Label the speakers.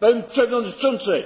Speaker 1: Pan Przewodniczący!